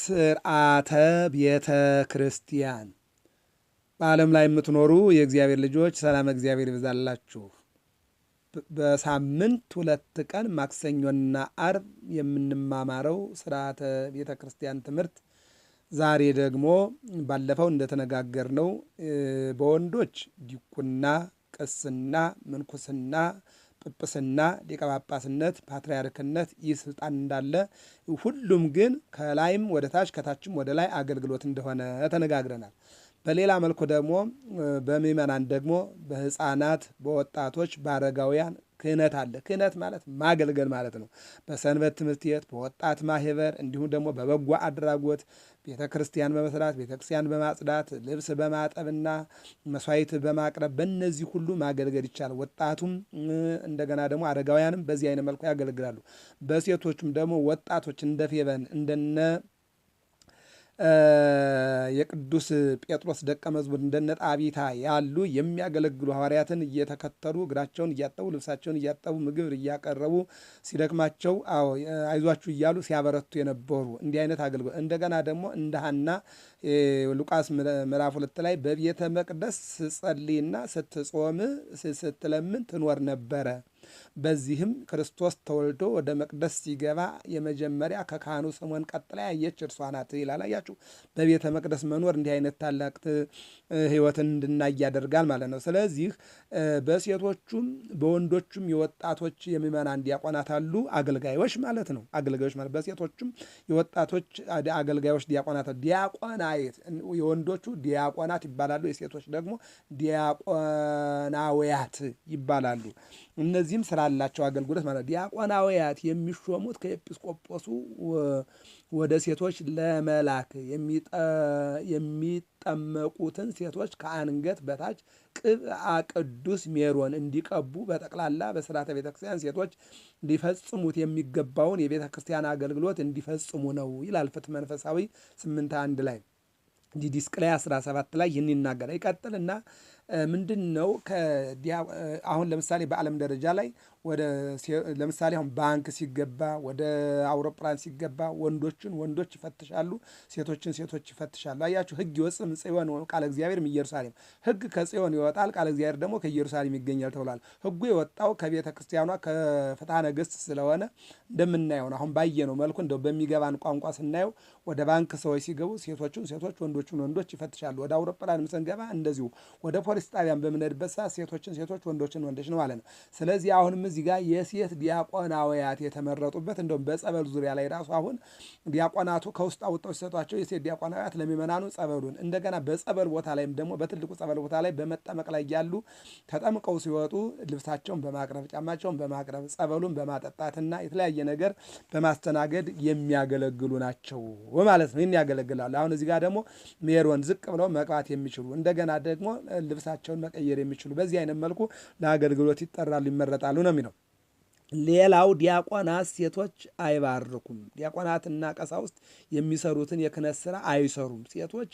ስርዓተ ቤተ ክርስቲያን። በዓለም ላይ የምትኖሩ የእግዚአብሔር ልጆች ሰላም እግዚአብሔር ይብዛላችሁ። በሳምንት ሁለት ቀን ማክሰኞና አርብ የምንማማረው ስርዓተ ቤተ ክርስቲያን ትምህርት ዛሬ ደግሞ ባለፈው እንደተነጋገርነው በወንዶች ዲቁና፣ ቅስና፣ ምንኩስና ጵጵስና፣ ሊቀ ጳጳስነት፣ ፓትርያርክነት ይህ ስልጣን እንዳለ ሁሉም ግን ከላይም ወደ ታች ከታችም ወደ ላይ አገልግሎት እንደሆነ ተነጋግረናል። በሌላ መልኩ ደግሞ በምእመናን ደግሞ በህፃናት በወጣቶች፣ በአረጋውያን ክህነት አለ። ክህነት ማለት ማገልገል ማለት ነው። በሰንበት ትምህርት ቤት፣ በወጣት ማህበር እንዲሁም ደግሞ በበጎ አድራጎት ቤተ ክርስቲያን በመስራት ቤተ ክርስቲያን በማጽዳት ልብስ በማጠብና መስዋዕት በማቅረብ በእነዚህ ሁሉ ማገልገል ይቻላል። ወጣቱም እንደገና ደግሞ አረጋውያንም በዚህ አይነት መልኩ ያገለግላሉ። በሴቶቹም ደግሞ ወጣቶች እንደ ፌቨን እንደነ የቅዱስ ጴጥሮስ ደቀ መዝሙር እንደነ ጣቢታ ያሉ የሚያገለግሉ ሐዋርያትን እየተከተሉ እግራቸውን እያጠቡ ልብሳቸውን እያጠቡ ምግብ እያቀረቡ ሲደክማቸው አይዟችሁ እያሉ ሲያበረቱ የነበሩ እንዲህ አይነት አገልግሎት እንደገና ደግሞ እንደ ሐና ሉቃስ ምዕራፍ ሁለት ላይ በቤተ መቅደስ ስጸልይና ስትጾም ስትለምን ትኖር ነበረ። በዚህም ክርስቶስ ተወልዶ ወደ መቅደስ ሲገባ የመጀመሪያ ከካህኑ ስምዖን ቀጥላ ያየች እርሷ ናት ይላል። አያችሁ፣ በቤተ መቅደስ መኖር እንዲህ አይነት ታላቅ ሕይወትን እንድናይ ያደርጋል ማለት ነው። ስለዚህ በሴቶቹም በወንዶቹም የወጣቶች የምእመናን ዲያቆናት አሉ፣ አገልጋዮች ማለት ነው። አገልጋዮች ማለት በሴቶቹም የወጣቶች አገልጋዮች ዲያቆናት ዲያቆናይት የወንዶቹ ዲያቆናት ይባላሉ፣ የሴቶች ደግሞ ዲያቆናውያት ይባላሉ። እነዚህም ስላላቸው አገልግሎት ማለት ዲያቆናውያት የሚሾሙት ከኤጲስቆጶሱ ወደ ሴቶች ለመላክ የሚጠመቁትን ሴቶች ከአንገት በታች ቅብአ ቅዱስ ሜሮን እንዲቀቡ በጠቅላላ በስርዓተ ቤተ ክርስቲያን ሴቶች ሊፈጽሙት የሚገባውን የቤተ ክርስቲያን አገልግሎት እንዲፈጽሙ ነው ይላል ፍት መንፈሳዊ ስምንት አንድ ላይ ዲድስቅልያ 17 ላይ ይህን ይናገራል። ይቀጥልና ምንድን ነው አሁን ለምሳሌ በዓለም ደረጃ ላይ ወደ ለምሳሌ አሁን ባንክ ሲገባ ወደ አውሮፕላን ሲገባ ወንዶችን ወንዶች ይፈትሻሉ፣ ሴቶችን ሴቶች ይፈትሻሉ። አያችሁ ሕግ ይወጽም ጽዮን ቃለ እግዚአብሔር ኢየሩሳሌም። ሕግ ከጽዮን ይወጣል፣ ቃለ እግዚአብሔር ደግሞ ከኢየሩሳሌም ይገኛል ተብሏል። ሕጉ የወጣው ከቤተ ክርስቲያኗ ከፍትሐ ነገሥት ስለሆነ እንደምናየው ነው። አሁን ባየነው መልኩ እንደው በሚገባን ቋንቋ ስናየው ወደ ባንክ ሰዎች ሲገቡ ሴቶችን ሴቶች፣ ወንዶችን ወንዶች ይፈትሻሉ። ወደ አውሮፕላንም ስንገባ እንደዚሁ ወደ ፖሊስ ጣቢያን በምንሄድበት ሰዓት ሴቶችን ሴቶች ወንዶችን ወንዶች ነው ማለት ነው። ስለዚህ አሁንም እዚህ ጋር የሴት ዲያቆናውያት የተመረጡበት እንደውም በጸበል ዙሪያ ላይ ራሱ አሁን ዲያቆናቱ ከውስጥ አውጥተው ሲሰጧቸው የሴት ዲያቆናውያት ለሚመናኑ ጸበሉን እንደገና በጸበል ቦታ ላይም ደግሞ በትልቁ ጸበል ቦታ ላይ በመጠመቅ ላይ ያሉ ተጠምቀው ሲወጡ ልብሳቸውን በማቅረብ ጫማቸውን በማቅረብ ጸበሉን በማጠጣትና የተለያየ ነገር በማስተናገድ የሚያገለግሉ ናቸው ማለት ነው። ይህን ያገለግላሉ። አሁን እዚህ ጋር ደግሞ ሜሮን ዝቅ ብለው መቅባት የሚችሉ እንደገና ደግሞ ልብስ ርዕሳቸውን መቀየር የሚችሉ በዚህ አይነት መልኩ ለአገልግሎት ይጠራሉ፣ ይመረጣሉ ነው የሚለው። ሌላው ዲያቆናት ሴቶች አይባርኩም። ዲያቆናትና ቀሳውስት የሚሰሩትን የክህነት ስራ አይሰሩም። ሴቶች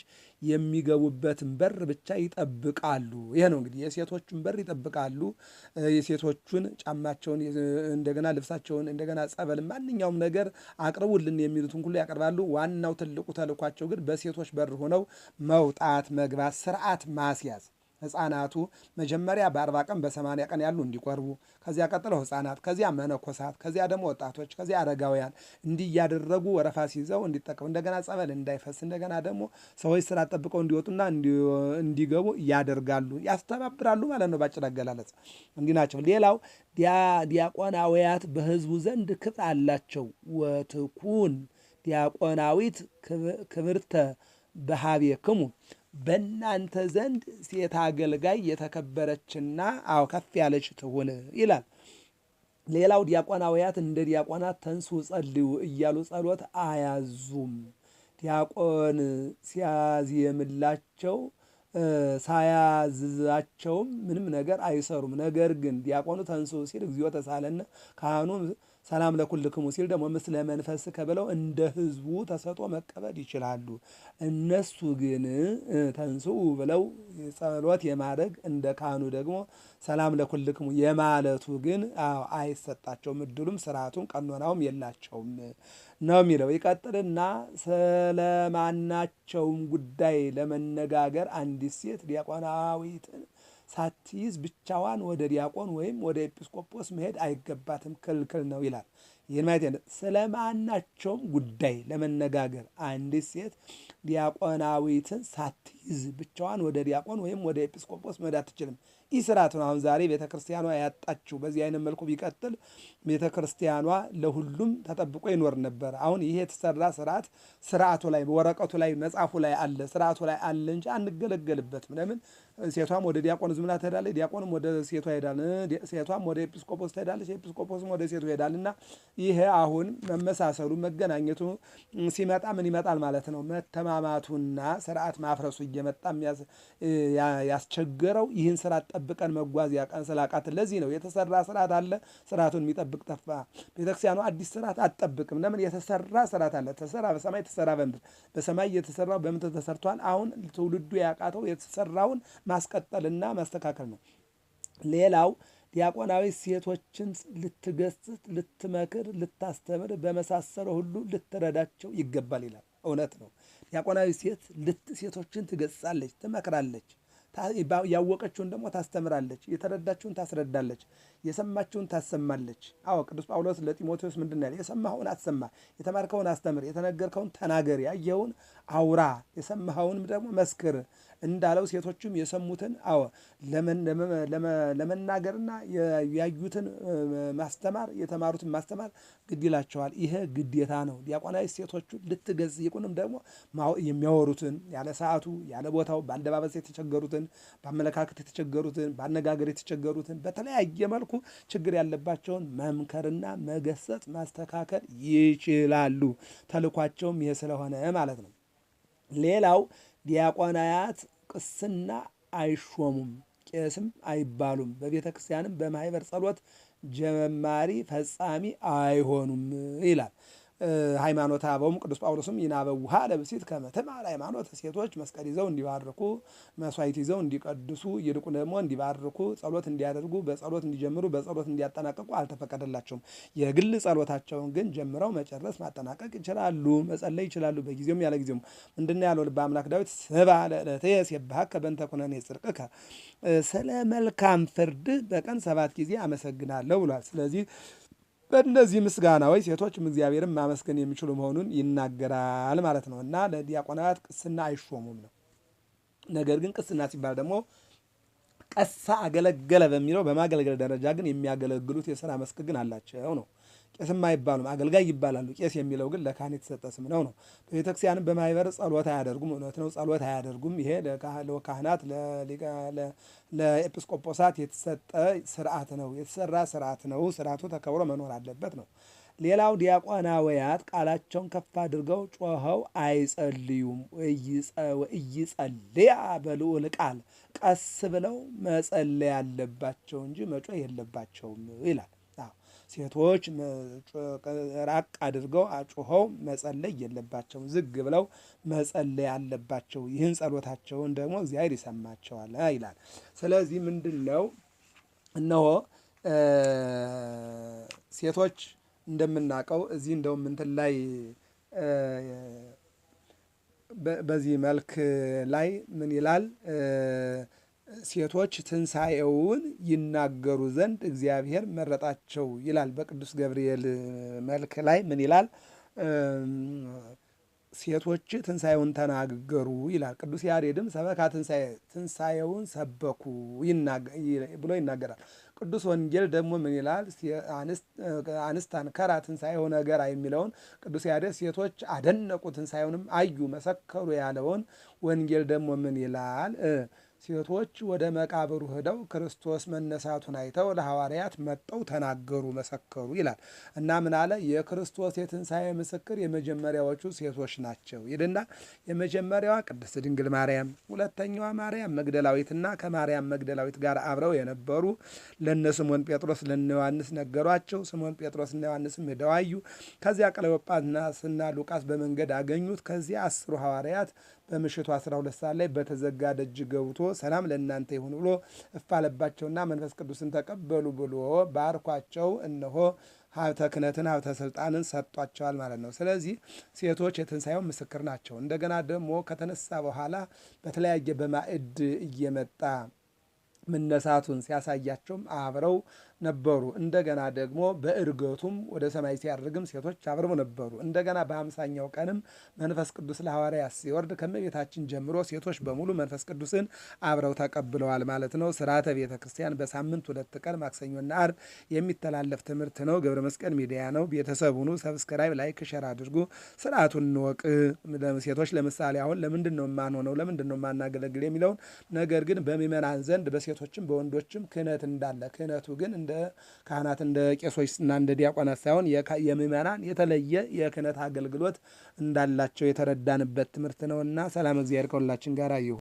የሚገቡበትን በር ብቻ ይጠብቃሉ። ይሄ ነው እንግዲህ የሴቶቹን በር ይጠብቃሉ። የሴቶቹን ጫማቸውን፣ እንደገና ልብሳቸውን፣ እንደገና ጸበል፣ ማንኛውም ነገር አቅርቡልን የሚሉትን ሁሉ ያቀርባሉ። ዋናው ትልቁ ተልኳቸው ግን በሴቶች በር ሆነው መውጣት፣ መግባት፣ ስርዓት ማስያዝ ህፃናቱ መጀመሪያ በአርባ ቀን በሰማንያ ቀን ያሉ እንዲቆርቡ ከዚያ ቀጥለው ህፃናት ከዚያ መነኮሳት ከዚያ ደግሞ ወጣቶች ከዚያ አረጋውያን እንዲያደረጉ ወረፋ ሲይዘው እንዲጠቀሙ እንደገና ጸበል እንዳይፈስ እንደገና ደግሞ ሰዎች ስራ ጠብቀው እንዲወጡና እንዲገቡ ያደርጋሉ ያስተባብራሉ ማለት ነው። ባጭር አገላለጽ እንዲህ ናቸው። ሌላው ዲያቆናውያት በህዝቡ ዘንድ ክብር አላቸው። ወትኩን ዲያቆናዊት ክብርተ ክሙ በእናንተ ዘንድ ሴት አገልጋይ የተከበረችና አዎ ከፍ ያለች ትሁን ይላል። ሌላው ዲያቆናውያት እንደ ዲያቆናት ተንሱ ጸልዩ እያሉ ጸሎት አያዙም። ዲያቆን ሲያዜምላቸው ሳያዝዛቸውም ምንም ነገር አይሰሩም። ነገር ግን ዲያቆኑ ተንሱ ሲል እግዚኦ ተሳለነ ካህኑ ሰላም ለኩልክሙ ሲል ደግሞ ምስለ መንፈስ ከብለው እንደ ህዝቡ ተሰጦ መቀበል ይችላሉ። እነሱ ግን ተንስኡ ብለው ጸሎት የማድረግ እንደ ካህኑ ደግሞ ሰላም ለኩልክሙ የማለቱ ግን አይሰጣቸውም። እድሉም ስርዓቱም ቀኖናውም የላቸውም ነው የሚለው። ይቀጥልና ስለማናቸውም ጉዳይ ለመነጋገር አንዲት ሴት ዲያቆናዊትን ሳትይዝ ብቻዋን ወደ ዲያቆን ወይም ወደ ኤጲስቆጶስ መሄድ አይገባትም፣ ክልክል ነው ይላል። ይህን ማለት ስለማናቸውም ጉዳይ ለመነጋገር አንዲት ሴት ዲያቆናዊትን ሳትይዝ ብቻዋን ወደ ዲያቆን ወይም ወደ ኤጲስቆጶስ መሄድ አትችልም። ይህ ስርዓት ነው አሁን ዛሬ ቤተ ክርስቲያኗ ያጣችው። በዚህ አይነት መልኩ ቢቀጥል ቤተ ክርስቲያኗ ለሁሉም ተጠብቆ ይኖር ነበር። አሁን ይሄ የተሰራ ስርዓት ስርዓቱ ላይ ወረቀቱ ላይ መጽሐፉ ላይ አለ፣ ስርዓቱ ላይ አለ እንጂ አንገለገልበትም። ለምን ሴቷም ወደ ዲያቆን ዝምላ ትሄዳለች፣ ዲያቆንም ወደ ሴቷ ሄዳል፣ ሴቷም ወደ ኤጲስቆጶስ ትሄዳለች፣ ኤጲስቆጶስም ወደ ሴቱ ሄዳል። እና ይሄ አሁን መመሳሰሉ መገናኘቱ ሲመጣ ምን ይመጣል ማለት ነው? መተማማቱና ስርዓት ማፍረሱ እየመጣ ያስቸገረው ይህን ስርዓት ጠብቀን መጓዝ ያቃን ስላቃትን ለዚህ ነው የተሰራ ስርዓት አለ፣ ስርዓቱን የሚጠብቅ ጠፋ። ቤተክርስቲያኑ አዲስ ስርዓት አትጠብቅም። ለምን? የተሰራ ስርዓት አለ። ተሰራ በሰማይ ተሰራ በምድር በሰማይ የተሰራው በምድር ተሰርቷል። አሁን ትውልዱ ያቃተው የተሰራውን ማስቀጠልና ማስተካከል ነው። ሌላው ዲያቆናዊ ሴቶችን ልትገስጽ፣ ልትመክር፣ ልታስተምር በመሳሰለ ሁሉ ልትረዳቸው ይገባል ይላል። እውነት ነው። ዲያቆናዊ ሴት ሴቶችን ትገስጻለች፣ ትመክራለች። ያወቀችውን ደግሞ ታስተምራለች፣ የተረዳችውን ታስረዳለች። የሰማችውን ታሰማለች። አዎ ቅዱስ ጳውሎስ ለጢሞቴዎስ ምንድን ያለ? የሰማኸውን አሰማ፣ የተማርከውን አስተምር፣ የተነገርከውን ተናገር፣ ያየውን አውራ፣ የሰማኸውንም ደግሞ መስክር እንዳለው ሴቶችም የሰሙትን አዎ ለመናገርና ያዩትን ማስተማር የተማሩትን ማስተማር ግድ ይላቸዋል። ይሄ ግዴታ ነው። ዲያቆናዊ ሴቶቹ ልትገዝ ይቁንም ደግሞ የሚያወሩትን ያለ ሰዓቱ ያለ ቦታው በአለባበስ የተቸገሩትን፣ በአመለካከት የተቸገሩትን፣ በአነጋገር የተቸገሩትን በተለያየ መልኩ መልኩ ችግር ያለባቸውን መምከርና መገሰጽ ማስተካከል ይችላሉ። ተልኳቸውም ይሄ ስለሆነ ማለት ነው። ሌላው ዲያቆናያት ቅስና አይሾሙም፣ ቄስም አይባሉም። በቤተ ክርስቲያንም በማህበር ጸሎት ጀማሪ ፈጻሚ አይሆኑም ይላል። ሃይማኖት አበውም ቅዱስ ጳውሎስም ይናበ ውሃ ለብሲት ከመተማ ሃይማኖት ሴቶች መስቀል ይዘው እንዲባርኩ መስዋዕት ይዘው እንዲቀድሱ ይልቁ ደግሞ እንዲባርኩ ጸሎት እንዲያደርጉ በጸሎት እንዲጀምሩ በጸሎት እንዲያጠናቀቁ አልተፈቀደላቸውም። የግል ጸሎታቸውን ግን ጀምረው መጨረስ ማጠናቀቅ ይችላሉ፣ መጸለይ ይችላሉ። በጊዜውም ያለ ጊዜውም ምንድነው ያለው ልበ አምላክ ዳዊት ስብሐ ለእለትየ እሴብሐከ በእንተ ኵነኔ ጽድቅከ፣ ስለ መልካም ፍርድ በቀን ሰባት ጊዜ አመሰግናለሁ ብሏል። ስለዚህ በእነዚህ ምስጋናዎች ሴቶችም እግዚአብሔርን ማመስገን የሚችሉ መሆኑን ይናገራል ማለት ነው እና ለዲያቆናት ቅስና አይሾሙም ነው። ነገር ግን ቅስና ሲባል ደግሞ ቀሳ አገለገለ በሚለው በማገልገል ደረጃ ግን የሚያገለግሉት የሥራ መስክ ግን አላቸው ነው። ቄስም አይባሉም፣ አገልጋይ ይባላሉ። ቄስ የሚለው ግን ለካህን የተሰጠ ስም ነው ነው። በቤተክርስቲያንም በማይበር ጸሎት አያደርጉም። እውነት ነው፣ ጸሎት አያደርጉም። ይሄ ለካህናት ለኤጲስቆጶሳት የተሰጠ ስርዓት ነው፣ የተሰራ ስርዓት ነው። ስርዓቱ ተከብሮ መኖር አለበት ነው። ሌላው ዲያቆናውያት ቃላቸውን ከፍ አድርገው ጮኸው አይጸልዩም። ወእይጸልያ በልዑል ቃል ቀስ ብለው መጸለይ አለባቸው እንጂ መጮህ የለባቸውም ይላል። ሴቶች ራቅ አድርገው አጩኸው መጸለይ የለባቸውም። ዝግ ብለው መጸለይ አለባቸው። ይህን ጸሎታቸውን ደግሞ እግዚአብሔር ይሰማቸዋል ይላል። ስለዚህ ምንድን ነው እነሆ ሴቶች እንደምናውቀው እዚህ እንደውም ምንትን ላይ በዚህ መልክ ላይ ምን ይላል? ሴቶች ትንሣኤውን ይናገሩ ዘንድ እግዚአብሔር መረጣቸው ይላል። በቅዱስ ገብርኤል መልክ ላይ ምን ይላል? ሴቶች ትንሣኤውን ተናገሩ ይላል። ቅዱስ ያሬድም ሰበካ ትንሣኤ ትንሣኤውን ሰበኩ ብሎ ይናገራል። ቅዱስ ወንጌል ደግሞ ምን ይላል? አንስታን ከራ ትንሣኤው ነገራ የሚለውን ቅዱስ ያሬድ ሴቶች አደነቁ ትንሣኤውንም አዩ መሰከሩ ያለውን ወንጌል ደግሞ ምን ይላል? ሴቶች ወደ መቃብሩ ሄደው ክርስቶስ መነሳቱን አይተው ለሐዋርያት መጠው ተናገሩ፣ መሰከሩ ይላል እና ምን አለ? የክርስቶስ የትንሣኤ ምስክር የመጀመሪያዎቹ ሴቶች ናቸው ይልና የመጀመሪያዋ ቅድስት ድንግል ማርያም፣ ሁለተኛዋ ማርያም መግደላዊትና ከማርያም መግደላዊት ጋር አብረው የነበሩ ለነ ስሞን ጴጥሮስ ለነ ዮሐንስ ነገሯቸው። ስሞን ጴጥሮስና ዮሐንስም ሄደው አዩ። ከዚያ ቀለዮጳስና ሉቃስ በመንገድ አገኙት። ከዚያ አስሩ ሐዋርያት በምሽቱ 12 ሰዓት ላይ በተዘጋ ደጅ ገብቶ ሰላም ለእናንተ ይሁን ብሎ እፋለባቸውና አለባቸውና መንፈስ ቅዱስን ተቀበሉ ብሎ ባርኳቸው እነሆ ሀብተ ክህነትን ሀብተ ስልጣንን ሰጧቸዋል ማለት ነው። ስለዚህ ሴቶች የትንሣኤውን ምስክር ናቸው። እንደገና ደግሞ ከተነሳ በኋላ በተለያየ በማዕድ እየመጣ መነሳቱን ሲያሳያቸውም አብረው ነበሩ። እንደገና ደግሞ በእርገቱም ወደ ሰማይ ሲያርግም ሴቶች አብረው ነበሩ። እንደገና በአምሳኛው ቀንም መንፈስ ቅዱስ ለሐዋርያ ሲወርድ ከእመቤታችን ጀምሮ ሴቶች በሙሉ መንፈስ ቅዱስን አብረው ተቀብለዋል ማለት ነው። ስርዓተ ቤተ ክርስቲያን በሳምንት ሁለት ቀን ማክሰኞና አርብ የሚተላለፍ ትምህርት ነው። ገብረ መስቀል ሚዲያ ነው። ቤተሰቡኑ ሰብስክራይብ፣ ላይክ፣ ሸር አድርጉ። ስርዓቱን እንወቅ። ሴቶች ለምሳሌ አሁን ለምንድን ነው የማንሆነው ለምንድን ነው የማናገለግል የሚለውን ነገር ግን በሚመናን ዘንድ በሴቶችም በወንዶችም ክህነት እንዳለ ክህነቱ ግን እንደ ካህናት እንደ ቄሶች እና እንደ ዲያቆናት ሳይሆን የምእመናን የተለየ የክህነት አገልግሎት እንዳላቸው የተረዳንበት ትምህርት ነውና ሰላም እግዚአብሔር ከሁላችን ጋር ይሁን።